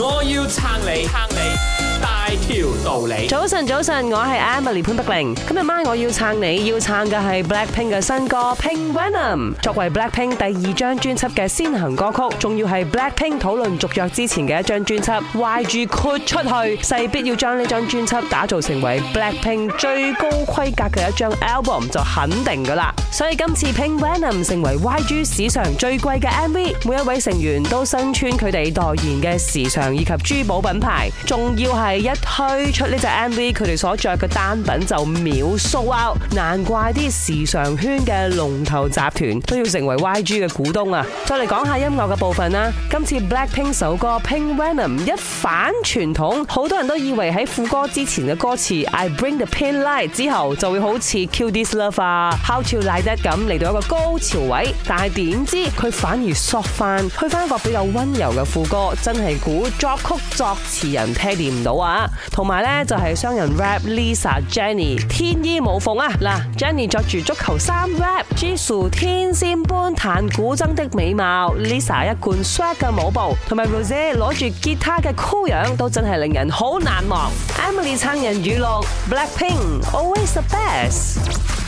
我要撐你，撐你大條道理。早晨，早晨，我係 Emily 潘德玲。今日晚上我要撐你，要撐嘅係 BLACKPINK 嘅新歌《Pink Venom》，作為 BLACKPINK 第二張專輯嘅先行歌曲，仲要係 BLACKPINK 討論續約之前嘅一張專輯。YG 豁出去，勢必要將呢張專輯打造成為 BLACKPINK 最高規格嘅一張 album，就肯定噶啦。所以今次 Pink Venom 成為 YG 史上最貴嘅 MV，每一位成員都身穿佢哋代言嘅時尚以及珠寶品牌，仲要係一推出呢隻 MV，佢哋所着嘅單品就秒速 out，難怪啲時尚圈嘅龍頭集團都要成為 YG 嘅股東啊！再嚟講下音樂嘅部分啦，今次 BLACKPINK 首歌 Pink Venom 一反傳統，好多人都以為喺副歌之前嘅歌詞 I bring the pink light 之後就會好似 kill this love 啊，how to l e、like 咁嚟到一個高潮位，但係點知佢反而索翻，去翻個比較温柔嘅副歌，真係估作曲作詞人聽唔到啊！同埋呢就係雙人 rap Lisa Jenny 天衣無縫啊！嗱，Jenny 着住足球衫 rap，Jisoo 天仙般彈古箏的美貌，Lisa 一貫 shred 嘅舞步，同埋 Rosie 攞住吉他嘅酷樣，都真係令人好難忘 Emily 撐。Emily 撐人語錄，Blackpink always the best。